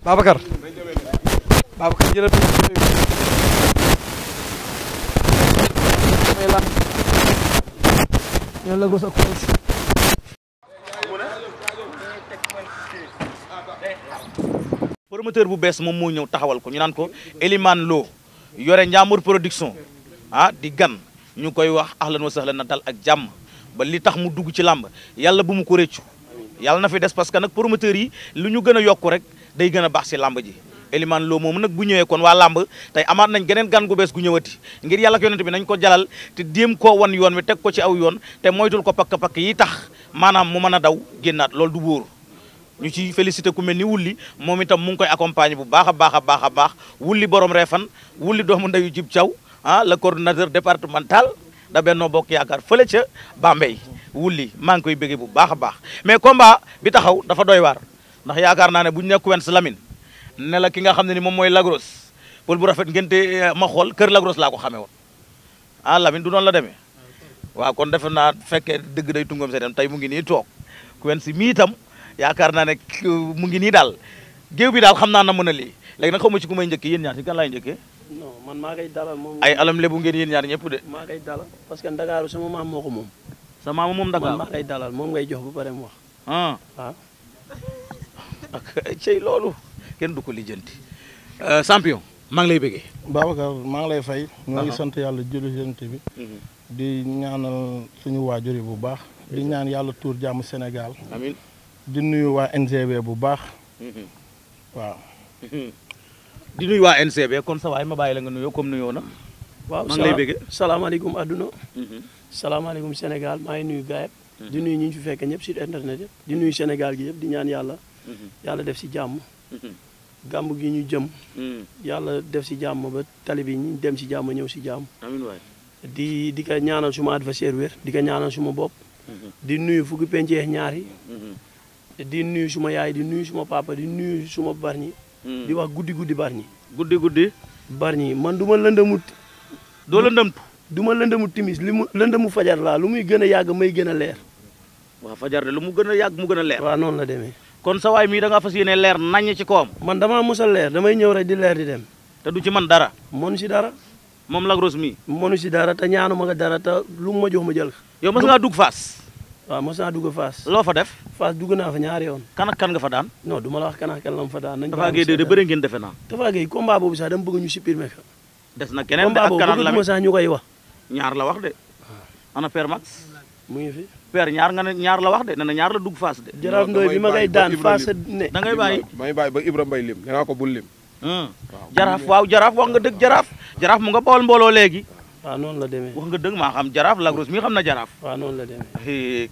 Babacar Babacar jëlal yàlla promoteur bu bees moom moo ñëw taxawal ko ñu naan ko Elimane loo yore Ndiambour production ah di gan ñu koy wax ahlan wa sahlan na dal ak jàmm ba li tax mu dugg ci làmb yàlla bu mu ko réccu yàlla na fi des parce que nag promoteurs yi lu ñu gën a yokku rek day gën a baax si làmb ji Elimane Lo moom nag bu ñëwee kon waa làmb tey amaat nañ geneen gan gu bees gu ñëwati ngir yàlla ak yonent bi nañ ko jalal te déem koo wan yoon wi teg ko ci aw yoon te moytul ko pakk-pakk yi tax maanaam mu mën a daw génnaat loolu du wóor ñu ci félicité ku mel ni wulli moom itam mu ngi koy accompagner bu baax a baax a baax a baax wulli borom reefan wulli doomu dayu jib caw ah le coordonnateur départemental da Benno Bokk Yaakaar fële ca Bambey wulli maa ngi koy bëggee bu baax a baax mais combat bi taxaw dafa doy ndax yaakaar naa ne bu ñu nekk Quench Lamine ne la ki nga xam ne ni moom mooy Lagros pël bu rafet ngente eh, ma xool kër Lagros laa ko xamee woon a ah, Lamine du noonu la demee waaw kon defe naa fekkee dëgg day tungam see dem tey mu ngi nii toog Quench mii itam yaakaar naa ne mu ngi nii daal géew bi daal xam naa na mën a lii léegi na xaw ma ci ku may njëkkee yéen ñaar ka kan laay njëkkee non man maa koy ay alam lebu ngeen yéen ñaar ñëpp de parce que Ndakaaru sama maam moom moom Ndakaaru maa koy dalal moom ngay jox ba pare wax ah, ah. ak cey loolu kenn du ko lijjanti euh, champion maa ngi lay bëggee. Babacar maa ngi lay fay. ñoo ngi sant yàlla julli jant bi. Mhm. di ñaanal suñu waajur yi bu baax. di ñaan yàlla tuur jàmm Sénégal. amiin di nuyu waa bu baax. Mhm. waaw. Mhm. di nuyu waa NGB kon sa waay ma bàyyi la nga nuyoo comme nuyoo na. waaw salaamaaleykum adduna. salaamaaleykum Sénégal maa ngi nuyu gaayab di nuyu ñu fi fekk ñëpp sur internet yëpp. di nuyu Sénégal gi yëpp di ñaan yàlla. Mm-hmm. yàlla def si jàmm mm-hmm. gàmb gi ñu jëm mm. yàlla def si jàmm ba tali bi ñu dem si jàmm ñëw si jàmm di di ko ñaanal suma adversaire wér di ko ñaanal suma bopp mm-hmm. di nuyu fukki penceex ñaar yi di nuyu suma yaay di nuyu suma papa di nuyu suma barñi mm. di wax guddi guddi bar barñi guddi guddi barñi man du ma lëndamut doo lëndamtu du ma lëndamu timis li mu lëndamu fajar laa lu muy gën a yàgg may gën a leer waaw fajar de lu mu gën a yàgg mu gën a leer waa noonu la demee kon sa waay mii da ngaa fas yéene leer naññ ci koom. man damaa mos a leer damay ñëw rek di leer di dem. te du ci man dara. mënu si dara. moom Lac Rose mii. mënu si dara te ñaanu ma nga dara te lu mu ma jox ma jël. yow mos ngaa dugg Fass. waaw mos naa dugg Fass. loo fa def. Fass dugg naa fa ñaari yoon. kan ak kan nga fa daan. non duma la wax kan ak kan la mu fa daan. nañu ko Tafa Gueye de bëri ngeen defe naa. Tafa Gueye combat boobu sax dama bëgg ñu supprimer na keneen de ak kanam la combat boobu bëgg ñu koy wax. ñaar la wax de. Ah. ana Père Max mu ngi fi père ñaar nga ne ñaar la wax de nee na ñaar la dugg faas de. jaraaf ndooy bi ma daan faas ne. da ngay bàyyi may bàyyi ba Ibra Mbay lim nee naa ko bul lim. Hmm. jaraaf waaw jaraaf wax nga dëgg jaraaf. jaraaf mu nga bool mbooloo léegi. waaw noonu la wax nga dëgg maa xam jaraaf lagros mi xam na jaraaf. waaw noonu la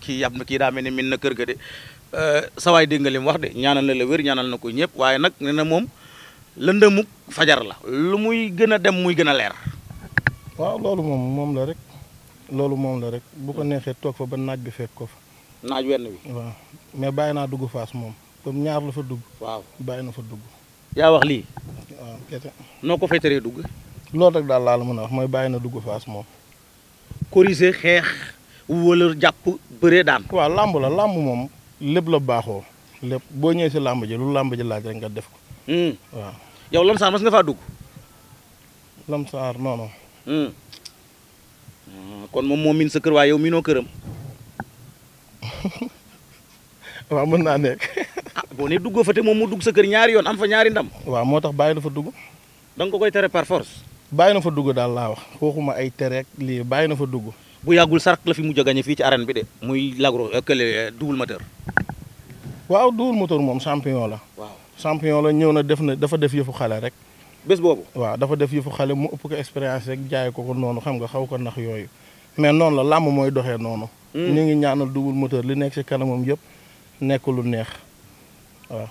kii yab na kii daa mel ni min na kër ga de euh, sa waay dégg nga lim wax de ñaanal na la wér ñaanal na ko ñëpp waaye nag nee na moom lëndëmuk fajar la. lu muy gën a dem muy gën a leer. waaw loolu moom moom la rek loolu moom la rek bu ko neexee toog fa ba naaj bi fekk ko fa. naaj wenn bi waaw mais bàyyi naa dugg faas moom comme ñaar la fa dugg. waaw bàyyi na fa dugg. yaa lii. waaw ko fay dugg. loolu rek daal laal la mën a wax mooy bàyyi na dugg faas moom. corriger xeex wala jàpp bëree daan. waaw làmb la làmb moom lépp la baaxoo lépp boo ñëwee si làmb ji lu làmb ji laaj rek nga def ko. Hmm. waaw yow lamsaar mas nga faa dugg. lamsaar non hmm. Ah, kon moom moo miin sa kër waaye yow miinoo këram. waaw mën naa nekk. ah boo nee duggoo fa te moom mu dugg sa kër ñaari yoon am fa ñaari ndam. waaw moo tax bàyyi la fa dugg. da ko koy tere par force. bàyyi na fa dugg daal laa wax waxuma ay tere ak lii bàyyi na fa dugg. bu yàggul sark la fi mujj a gañe fii ci arène bi de. muy lagro euh, kële euh, double moteur. waaw double moteur moom champion la. waaw champion la ñëw na def na dafa def yëfu xale rek. bes boobu. waaw dafa def yëfu xale mu ëpp ko expérience rek jaay ko ko noonu xam nga xaw ko nax yooyu mais noonu la làmb mooy doxee noonu. Hmm. ñu ngi ñaanal double moteur li nekk si kanamam yëpp nekk lu neex waaw.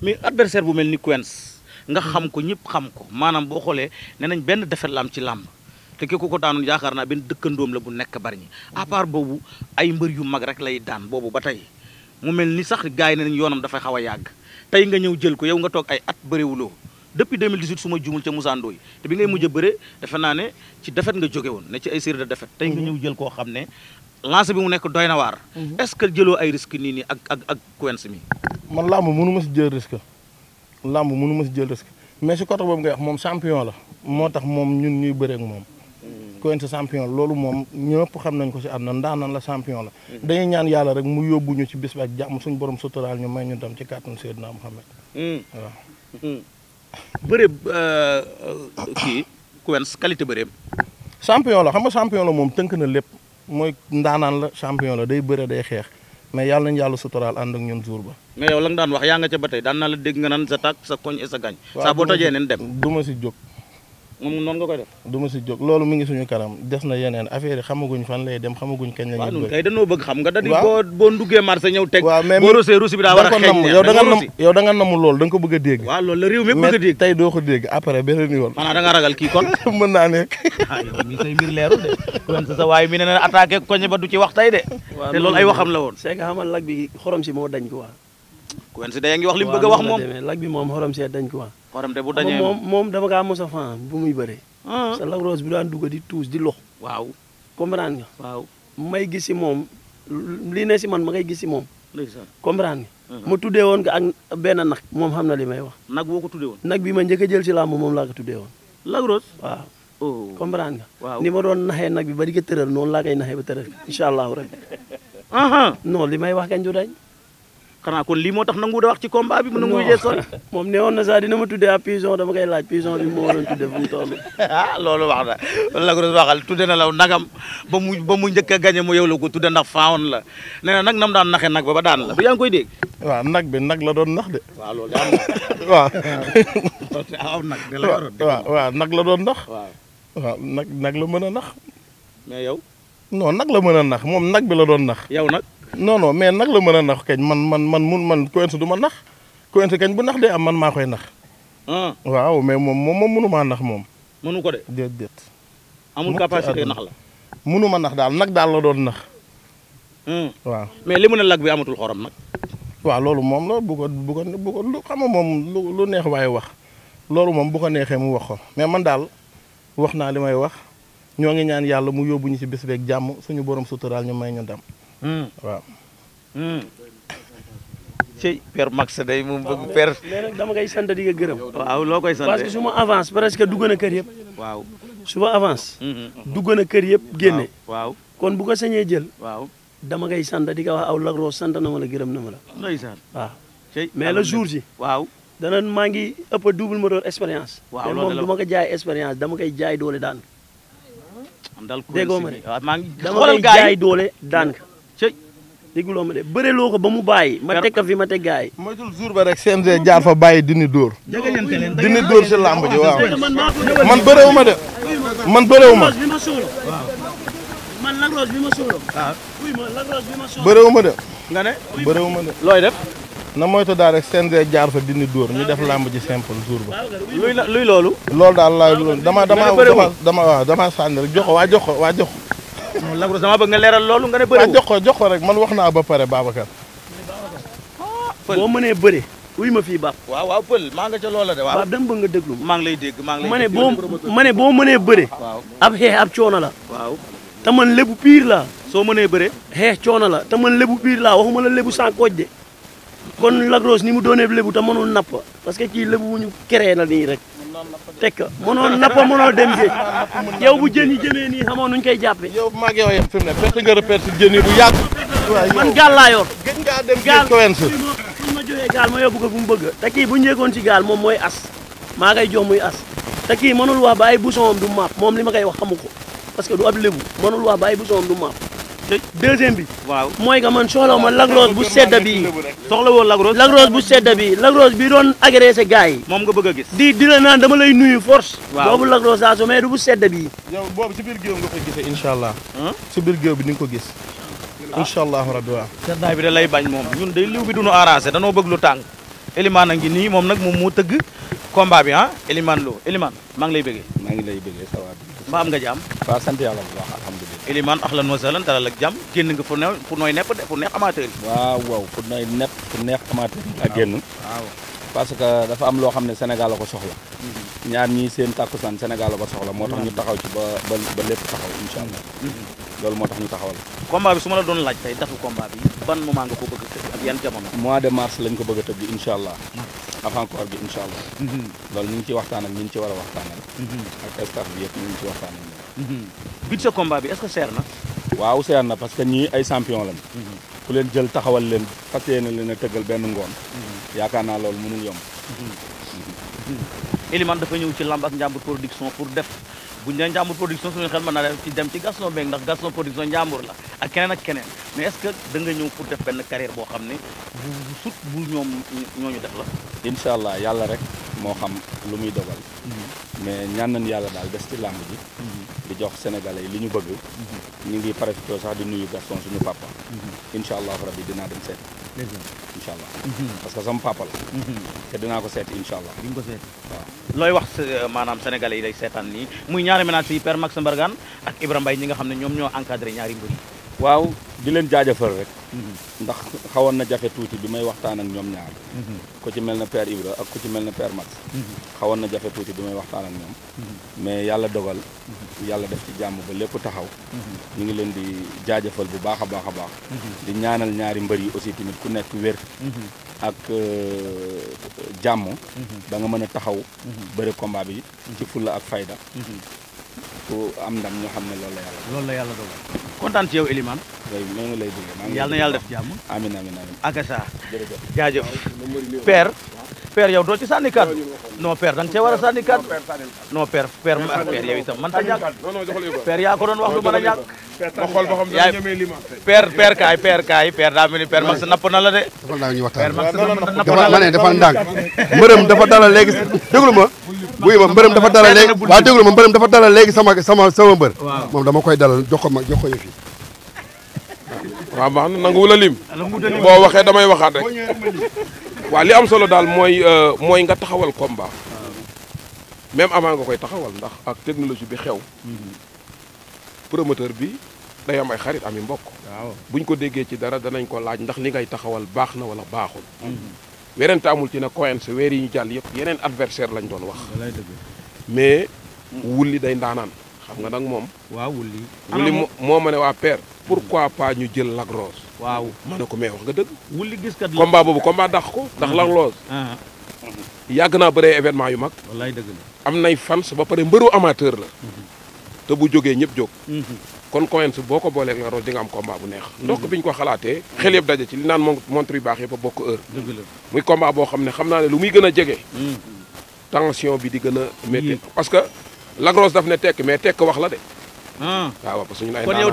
mais adversaire bu mel ni Quench nga xam ko ñëpp xam ko maanaam boo xoolee ne nañ benn defet la ci làmb te ko ko daanoon yaakaar naa benn dëkkandoom la bu nekk bari ñi à part boobu ay mbër yu mag rek lay daan boobu ba tey mu mel ni sax gars yi ne nañ yoonam dafay xaw a yàgg tey nga ñëw jël ko yow nga toog ay at bëriwuloo depuis 2018 su ma juumul ca Moussa Ndoye te bi ngay mujj a bëre defe naa ne ci defet nga jóge woon ne ci ay série de defet tey nga mhm. ñëw jël koo xam ne lancé bi mu nekk doy na waar mhm. est-ce que jëloo ay risque nii nii ak ak mi man làmb mënu ma si jël risque làmb mënu ma si jël risque mais si côté boobu nga wax moom champion la moo tax moom ñun ñuy bëreek moom mhm. Quench champion loolu moom ñëpp xam nañ ko si am na ndaanan la champion la dañuy ñaan yàlla rek mu yóbbu ñu ci bis bi ak jàmm suñu borom suturaal ñu ñu dem ci kàttan bëre euh, kii Quench qualité bëreem. champion la xam nga champion la moom tënk na lépp mooy ndaanaan la champion la day bëre day xeex mais yàlla nañu yàlla suturaal ànd ak ñun jour ba. mais yow la nga daan wax yaa nga ca ba tey daan naa la dégg nga naan sa tàkk sa koñ sa gañ. saa boo tojee neen dem du ma si jóg. moom noonu nga koy du ma si jóg loolu mi ngi suñu kanam des na yeneen affaire yi xamaguñ fan lay dem xamaguñ kañ la ñu bëgg xam nga da di boo boo nduggee marché ñëw teg waaw mais boo rosee rusi bi daa war a xeeñ yow a a dégg yoon xanaa ah, waay mi ne na koñ ba du ci wax tey de te loolu ay waxam la woon c'est que xamal lag bi xorom si moo dañ ko waa ku wen si ngi wax li mu bëgg wax moom lag bi moom xorom si dañ ko waa xorom de bu dañee moom moom dama kaa mos a bu muy bëree. Ah. sa Lac Rose bi daan dugg di tuus di lox. waaw comprendre nga. waaw may gis si moom li ne si man ma ngay gis si moom. comprendre nga. Uh-huh. ma tuddee woon nga ak benn nag. moom xam na li may wax. nag boo ko woon. nag bi ma njëkk jël si làmb moom laa ko tuddee woon. Lac Rose waaw. Oh. comprendre nga. waaw ni ma doon naxee nag bi ba di ko tëral noonu laa koy naxee ba tëral incha allahu rabbi uh-huh. non li may wax kañ du dañ. xanaa kon lii moo tax nangu da wax ci combat bi. mu nangu jee sol moom ne woon na sax dina ma tuddee ab pigeon dama koy laaj pigeon bi moo waroon tuddee fu mu toll. Ah, loolu wax na la ko doon waxal tudde na la nagam ba mu ba mu njëkk a gañe mu yow la ko tudde ndax faawoon la nee nag nam daan naxe nag ba ba daan la. bu yaa koy dégg. waaw nag bi nag la doon nax de. waaw loolu am na waaw. waaw nag la doon nax. waaw waaw nag nag la mën a nax. mais yow. non nag la mën a nax moom nag bi la doon nax. yow nag. non mais nag la mën a nax kañ man man man mun man Coense du ma nax Coense kañ bu nax dee am man maa koy nax. waaw mais moom moom moom mënu maa nax moom. mënu ko de. déedéet. amul capacité nax la. mënu ma nax daal nag daal la doon nax. waaw mais li mu a lag bi amatul xorom nag. waaw loolu moom la bu ko bu ko bu lu xam moom lu lu neex waaye wax loolu moom bu ko neexee mu wax ko mais man daal wax naa li may wax ñoo ngi ñaan yàlla mu yóbbu ñu ci bés jàmm suñu borom suturaal ñu may ñu dam waaw. Hmm. ci père Max day moom bëgg mais dama koy sant di nga gërëm. waaw loo koy sant parce dugg na kër yëpp. waaw su ma avance. Hmm, hmm, dugg na kër yëpp génne. waaw kon bu ko sañee jël. waaw dama koy sant di ko wax aw Lac Rose na ma la gërëm na ma la. ndeysaan waaw. mais le jour ji. waaw dana maa ngi ëpp double moteur expérience. waaw loolu moom jaay expérience dama koy jaay doole daan. déggoo ma ne ah, dama koy jaay doole daan ka. dégguloo ma de ko ba mu bàyyi. ma teg ka ma teg gars yi. moytul jour ba rek CNG jaar fa bàyyi dini dóor. dini dóor si làmb ji waaw. man bëreewu ma de. man bëreewu ma. man sóoroo. man lagros bi ma sóoroo. Ah. ma de. ne bëreewu ma looy def. na moytu daal rek CNG jaar fa dindi dóor ñu def làmb ji simple jour ba. luy luy loolu. loolu daal laay loolu dama dama dama waaw dama jox waa jox ko waa jox moom Lac bëgg nga leeral loolu nga ne bëri jox ko jox ko rek man wax naa ba pare Babacar. boo mënee bëri. uy ma fii Bab. waaw waaw maa nga ca loola de waaw. Bab bëgg nga déglu. maa ngi lay dégg maa ngi lay ma ne boo boo mënee bëri. waaw ab xeex ab coono la. waaw te man lébu piir laa. soo mënee bëre. xeex coono la te man lébu piir laa waxuma la lébu sans kooj de. kon Lac Rose ni mu doonee lébu te mënul napp parce que kii lébu wuñu ñu na nii rek teg ko mënoo napp mënoo dem géej yow bu jën yi jëmee nii xamoo nuñ koy jàppee. yow maa ngi yow yem fi mu ne perte nga repère si jën yi bu yàgg. man gaal laa yor. gëj ngaa gaal gaal ma yóbbu ko fu mu bëgg. te kii bu ñu yeggoon ci gaal moom mooy as maa ngay jox muy as te kii mënul wax ba ay bouchon du maap moom li ma koy wax xamu ko parce que du ab lébu mënul wax ba ay bouchon du maap deuxième bi. waaw mooy que man soxla ma lagros bu sedda bi soxla woo lagros. lagros bu sedda bi lagros bi doon agressé gars moom nga bëgg a gis. di di la naan dama lay nuyu force. waaw boobu lagros saa su mais du bu sedda bi. yow boobu si biir géew nga koy gisee incha allah. si biir géew bi ni nga ko gis. incha allahu rabbi waaw. seddaay bi da lay bañ moom ñun day liw bi du ñu arrangé danoo bëgg lu tàng. Elimane a ngi nii moom nag moom moo tëgg combat bi ah Elimane Lo Elimane maa lay bëggee. maa ngi lay bëggee ça nga Elimane ahlan wa sahlan dalal ak jàmm génn nga fu ne fu nooy nepp de fu neex amateur yi. waaw waaw fu nooy nepp fu neex amateur yi. génn waaw parce que dafa am loo xam ne Sénégal la ko soxla. Mhm. ñaar ñii seen tàkkusaan Sénégal la ko soxla. moo tax ñu mhm. taxaw ci ba ba ba lépp taxaw incha allah. Mhm. loolu moo tax ñu taxawal. combat bi su ma la doon laaj tey datu combat bi ban moment nga ko bëgg a tëb ak yan jamono. mois de mars lañ ko bëgg a tëb bi incha allah. avant koor gi incha allah. ñu ngi ci waxtaan ak ñi ñu ci war bi yëpp Mm-hmm. bit sa combat bi est seer na. waaw seer na parce que ñi ay champion lañ. Mm-hmm. ku leen jël taxawal leen fas yéene leen a tëggal benn ngoon. Mm-hmm. yaakaar naa loolu mënul yomb. Elimane dafa ñëw ci lamb ak njàmbur production pour def. bu ñu nee njàmbur production suñu xel mën naa dem ci Gaston Mbengue ndax Gaston production njàmbur la ak keneen ak keneen mais est-ce ñëw pour def benn carrière boo xam ne bu sut bu ñoom ñooñu def la. incha allah yàlla rek moo xam lu muy dogal. Mm-hmm. mais ñaan nañu yàlla daal des ci làmb ji. Mm-hmm. di jox sénégalais yi li ñu bëgg. Mm-hmm. ñu ngi profité sax di nuyu Gaston suñu papa. incha allah rabbi dinaa dem seet. incha mhm. parce que sama papa la. Mhm. te dinaa ko looy wax euh, maanaam sénégalais yi lay seetaan nii muy ñaari ménages yi Père Max Mbargane ak Ibra Mbaye ñi nga xam ne ñoom ñoo encadré ñaari mbir waaw di leen jaajëfal rek. Mhm. ndax xawoon na jafe tuuti bi may waxtaan ak ñoom ñaar. Mhm. ku ci mel ne per Ibra ak ku ci mel ne père Max. Mhm. xawoon na jafe tuuti bi may waxtaan ak ñoom. mais yàlla dogal. yàlla def ci jàmm ba lépp taxaw. ñu ngi leen di jaajëfal bu baax a baax a baax. di ñaanal ñaari mbër yi aussi tamit ku nekk wér. ak euh, jàmm. ba nga mën a taxaw. bëri combat bi. ci fulla ak fayda. ku am ndam ñoo xam ne loolu la yàlla. loolu la yàlla dogal. kontaan ci yow Elimane. waaye na yàlla def jàmm. amiin amiin amiin. akasa jaajëf père. doo ci sànni kàddu non père da nga cee war a sànni kàddu non père père ah père yow itam man ta ñàkk père yaa ko doon wax lu mën a ñàkk kaay père kaay père daa mel ni père Max napp na la de. dafa daaw ñu waxtaan dafa ma ne dafa ndànk dafa dala léegi déglu buy ma mbërëm dafa dalal léegi waaw déglu ma mbërëm dafa dalal léegi sama sama sama mbër moom dama koy dalal jox ko ma jox ko yëf yi waaw baax na nangu wula lim boo waxee damay waxaat rek waa li am solo daal mooy euh, mooy nga taxawal combat même amaa nga koy taxawal ndax ak technologie bi xew mhm. promoteur bi day am ay xarit ami mbokk buñ ko déggee ci dara danañ ko laaj ndax li ngay taxawal baax na wala baaxul mhm. werante amul ci ne Quench weer yi ñu jàll yëpp yeneen adversaire lañ doon wax. mais wulli day ndaanaan xam nga nag moom. waaw wulli. wulli moo ma ne waa père. pourquoi pas ñu jël Lac Rose. waaw ma ne ko mais wax nga dëgg. wulli gis kat combat boobu combat dàq ko. ndax Lac Rose. Ah, ah. yàgg naa bëree événement yu mag. wallaay dëgg la am nay fans ba pare mbëru amateur la. Mhm. te bu jógee ñëpp jóg. Mhm. kon Quench boo ko booleeg la di nga am combat bu neex ndox bi ñu ko xalaatee xel yëpp daje ci li naan montre yu baax yëpp bokk heure muy combat boo xam ne xam naa ne lu muy gën a jege hmm. tension bi di gën a métti hmm. parce que Lac Rose daf ne tekk mais tekk wax la de hmm. waaw parce que ñun ay kon yow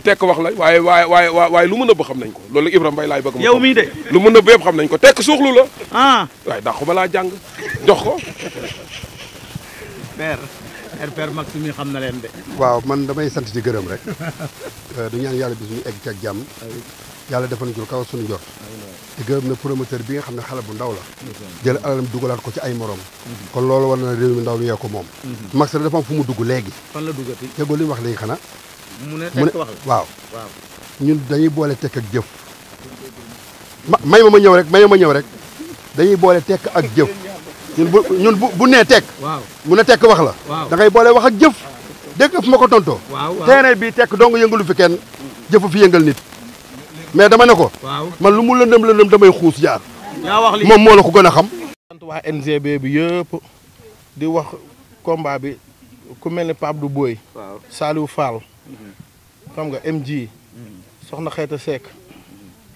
tekk wax la waaye waaye waaye waaye lu mu nëbb xam nañ ko loolu Ibrahima Mbaye laay bëgg yow mii de lu mu nëbb yëpp xam nañ ko tekk suuxlu la ah. waaye dàqu ma laa jàng jox ko RPR Max mi xam na leen de. waaw man damay sant ci gërëm rek euh, du ñaan yàlla bi ñu egg ca jàmm yàlla defal ñu kaw suñu jot te gërëm na promoteur bi nga xam ne xale bu ndaw la jël alalam dugalaat ko ci ay morom kon loolu war na réew mi ndaw mi yee ko moom Max dafa am fu mu dugg léegi fan la duggati tegoo li mu wax léegi xanaa mu ne tekk wax la waaw ñun dañuy boole tekk ak jëf may ma ma ñëw rek may ma ma ñëw rek dañuy boole tekk ak jëf ñun bu ñun bu bu nee tekk. waaw mu ne tekk wax la. da ngay boole wax ak jëf. dégg fu ma ko tontoo. waaw terrain bi tekk dong yëngalu fi kenn jëfu fi yëngal nit. mais dama ne ko. man lu mu lëndëm lëndëm damay xuus jaar. wax li moom moo la ko gën a xam. sant waa di wax combat bi ku mel ni Pape du Boy. waaw Saliou Fall. Mhm. xam nga MG. soxna Xeeta Seck.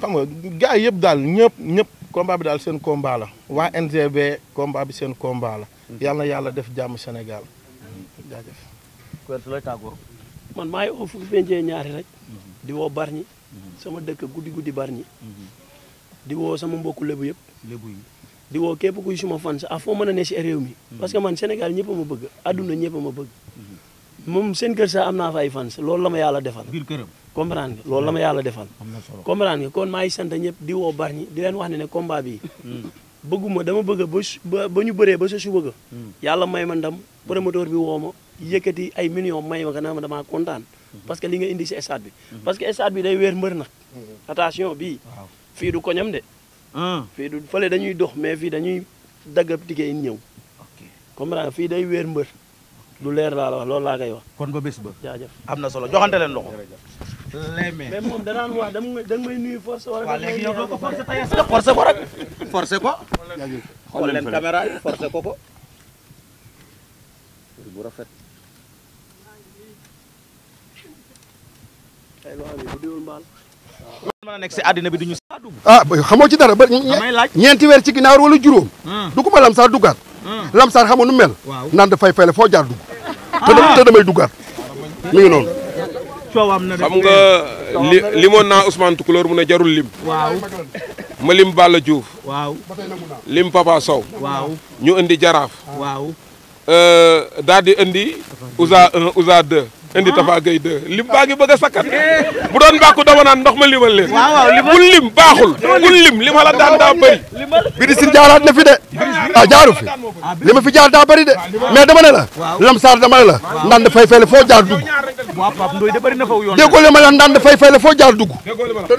xam nga gars yëpp daal ñëpp ñëpp. combat bi daal seen combat la waa NGB combat bi seen combat la. Mhm. yàlla na yàlla def jàmm Sénégal jaajëf. Koulibaly man maa ngi oo fukki pencee ñaari rek. Mhm. di woo Bargny. Mhm. sama dëkk guddi guddi bari Bargny. di woo sama mbokku lébu yëpp. lébu yi di woo képp kuy suma fan sa ah foo mën a ne si réew mi. parce que man Sénégal ñëpp a ma bëgg adduna ñëpp ma bëgg. moom seen kër sa am naa fa ay fans loolu la ma yàlla defal. biir këram. comprendre nga loolu la ma yàlla defal. comprendre nga kon maa ngi sant ñëpp di woo baax di leen wax ne ne combat bi bëgguma dama bëgg ba ba ñu bëree ba sa suba ga hmm. yàlla may ma ndam promoteur bi woo ma yëkkati ay millions may ma ko ma damaa kontaan. Hmm. parce que li nga indi si stade bi. Hmm. parce que stade bi day weer mbër nag. attention bii. fii du koñam de. fii du fële dañuy dox mais fii dañuy dagg ticket yi ñëw. comprendre fii day weer mbër. lu leer laa la laa koy wax. kon ba bés ba. am na solo joxante leen loxo. léemee mais moom danaan wax da nga may nuyu force wala. waaw léegi yow doo ko forcer tey sax forcer ko rek. forcer ko. xool leen caméra yi forcer ko ko. bu rafet. mën a nekk si àddina bi duñu saa dugg. ah xamoo ci dara ba ñeenti weer ci ginnaaw wala juróom. Hmm. du ko ma lamsaar duggaat. Hmm. lamsaar xamoo nu mel. waaw naan dafay fay la foo jaar dugg. Ah. te damay duggaat ah. mi ngi noonu. coowaam na xam nga li limoon naa Ousmane Toucouleur mu ne jarul lim. waaw. ma lim Balla Diouf. waaw. lim Papa Sow. ñu indi jaraaf. waaw. Euh, daal di indi. Ouza 1 Ouza 2. indi ah. Tafa lim baa ngi bëgg a sakkat bu doon mbàkku dama naan ndox ma limal leen. waaw limal bul lim baaxul. bul lim li ma la daan daa bëri. Birisine jaaraat na fi de. ah jaaru fi ah, li ma fi jaar daa bëri de ah, mais dama la. lamsaar dama ne la. ndand fay fay la foo jaar dugg. waaw Pape na fa yoon. la ndand fay fay la foo jaar dugg.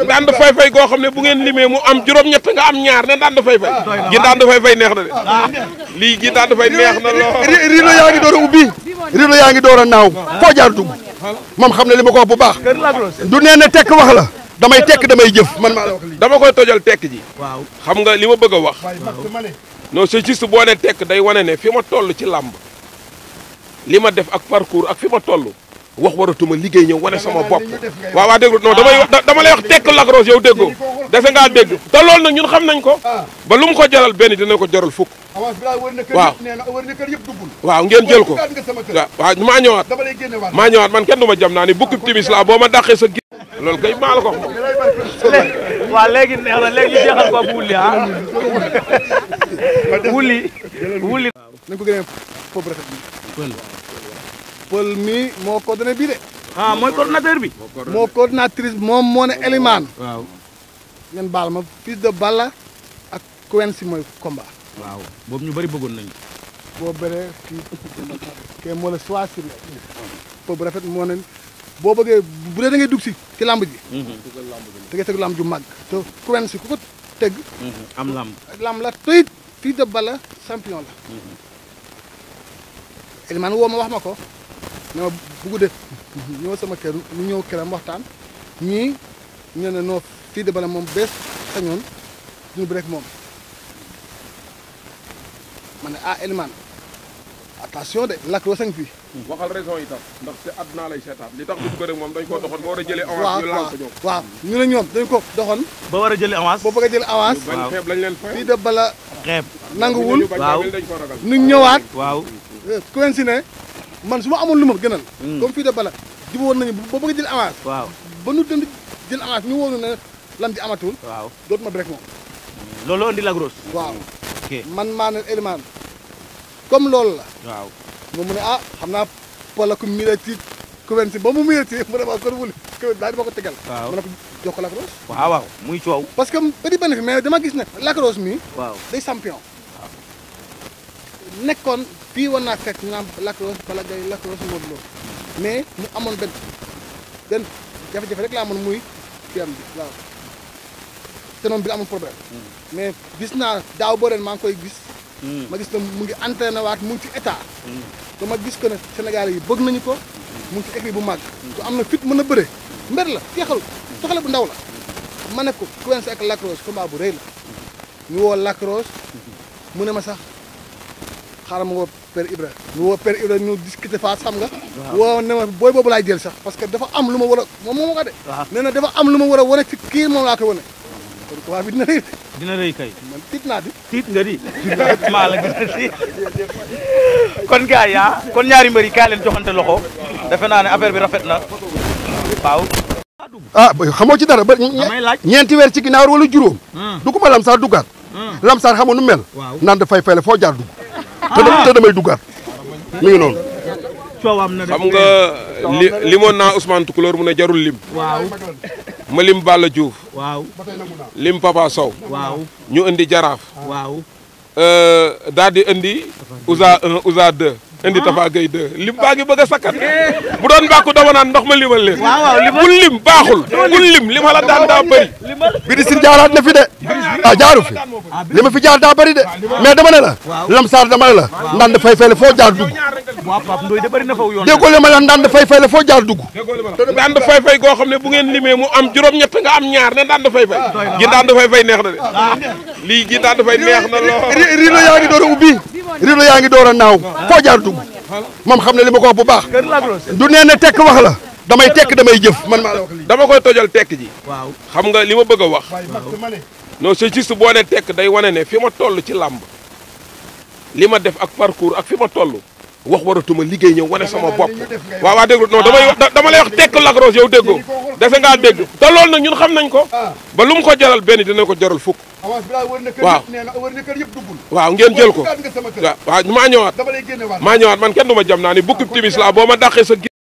ndand goo xam ne bu ngeen limee mu am juróom-ñett nga am ñaar ne ndand fay fay. gi ndand fay fay neex na de. lii gi na lool. ri ri la yaa ngi doon ubbi rido yaa ngi door a naaw foo jaar dugg moom xam ne li ma ko wax bu baax du nee na tekk wax la damay tekk damay jëf man maa la wax dama koy tojal tekk ji waaw xam nga li ma bëgg a wax non c'est juste boo ne tekk day wane ne fi ma toll ci làmb li ma def ak parcours ak fi ma toll wax waratuma liggéey ñëw wane sama bopp waaw waa déglu non ah. damay dama lay wax tekk Lac Rose yow déggoo dese ngaa dégg te lool nag ñun xam nañ ko ah. ba lu mu ko jaral benn dina ko jaral fukk waaw waaw ngeen jël ko waaw waaw maa ñëwaat maa ñëwaat man kenn du ma jam naa i bukkib timis la boo ma dàqee sa gi loolu kay maa la ko waaw léegi neex na léegi jeexal ko wulli ah wulli wulli nañ ko gën a foofu rafet bi pël mi moo coordonné ah, bi de. moo coordonnatrice moom moo ne Elimane. waaw ngeen baal ma fils de Balla ak Kouensi mooy combat. waaw boobu ñu bari bëggoon nañu. boo bëree fii kay moo la choisir boo bëggee bu da ngay dugg si ci làmb ji. Mhm. da ngay teg làmb ju mag. te Kouensi ku ko teg. Mhm, am làmb làmb la tëyit fils de Balla champion la. Mhm. Elimane woo ma wax ma ko. ne ma bu guddee ñëw sama kër ñu ñëw këram waxtaan ñii ñu ne noo fii de bala moom bees sañoon duñu bu rek moom ma ne ah Elimane attention de lakk yoo sañ fii waxal raison yi tax ndax te àdduna lay seetaan li tax duñ moom dañ ko doxoon ba war a jëlee avance ñu laal ko ñoom waaw ñu ne ñoom dañ ko doxoon a jëlee a jëlee leen fii de bala xeeb nanguwul waaw ñu ñëwaat waaw eh, ku leen si ne man si ma amoon lu ma gënal. Mm. comme fii de bala ji woon nañu ba bëgg jël avance. ba nu dënd jël avance ñu woonu ne lam ji amatul. waaw dootuma break moom. looloo indi la grosse. man maa ne comme loolu la. waaw moom mu ne ah xam naa pala ku miiree ci kuwen si ba mu miiree ci mu ne maa daal di ma ko tegal. waaw ma ne ko jox la grosse. waaw waaw muy coow. parce que petit bénéfice mais dama gis ne la grosse mi. waaw champion. nekkoon fii war naa fekk ñu naan Lac Rose bala ngay mais mu amoon benn benn jafe-jafe rek la amoon muy fii bi waaw tenoom bi la problème. Mm. mais gis naa daaw boo maa ngi koy gis. Mm. ma gis ne mu ngi na waat mu ngi ci état. Mm. te ma gis ko ne Sénégal yi bëgg nañu ko. mu ngi ci écrit bu mag. te am na fit mën a bëre. mbër la jeexal soxla bu ndaw la. ma ne ko Quench ak Lac Rose combat bu rëy la. ñu woo Lac mm-hmm. mu ne ma sax. xaaral ma woo Père Ibra ñu woo Père Ibra ñu discuter fa xam nga woo ne ma booy boobu laay jël sax parce que dafa am lu ma war a moom moo ma ko de nee na dafa am lu ma war a wane ci kii moom laa koy wane kon tubaab bi dina rëy dina rëy kay man tiit naa di tiit nga di maa la gën a tiit kon gars yi ah, kon ñaari mbër yi kaay leen joxante loxo defe naa ne affaire bi rafet na waaw ah xamoo ci dara ba ñeenti weer ci ginnaaw wala juróom hmm. du ko ma lamsaar duggaat hmm. lamsaar xamoo nu mel naan dafay fay la foo jaar dugg te damay duggaat mi ngi noonu. xam nga li limoon naa Ousmane Toucouleur mu ne jarul lim. waaw. ma lim lim Papa Sow. ñu indi jaraaf. waaw. Euh, indi. Ouza 1 indi Tafa ah. Gueye 2 lim baa ngi bëgg a sakkat bu doon mbàkku dama naan ndox ma limal leen. waaw limal bul lim baaxul. bul lim li ma la daan daa bëri. bi di sin jaaraat na fi de. ah jaaru fi ah, li ma fi jaar daa bëri de ah, mais dama ne la. lamsaar dama la. ndaan dafay fay la foo jaar dugg. waaw na fa yoon. déggoo fay fay goo xam ne bu ngeen limee mu am juróom-ñett nga am ñaar ne ndaan dafay fay. gi ndaan dafay fay neex na de. lii gi ndaan dafay neex na lool. rido yaa ngi door ubbi rido yaa ngi door a naaw foo jaar dugg moom xam ne li ma ko wax bu baax du nee na tekk wax la damay tekk damay jëf man maa la wax lii dama koy tojal tekk ji waaw xam nga li ma bëgg a wax noo c'est juste boo ne tekk day wane ne fi ma tollu ci làmb li ma def ak parcours ak fi ma toll wax waratuma liggéey ñëw wane sama bopp waaw waaw déglu non damay ah. dama lay wax tekk Lac Rose yow déggoo defe ngaa dégg te loolu nag ñun xam nañ ko ah. ba lu mu ko jaral benn dina ko jaral fukk waaw waaw ngeen jël ko waaw waaw maa ñëwaat maa ñëwaat man kenn du ma jam naa ni bukki ah, timis laa boo ma sa sa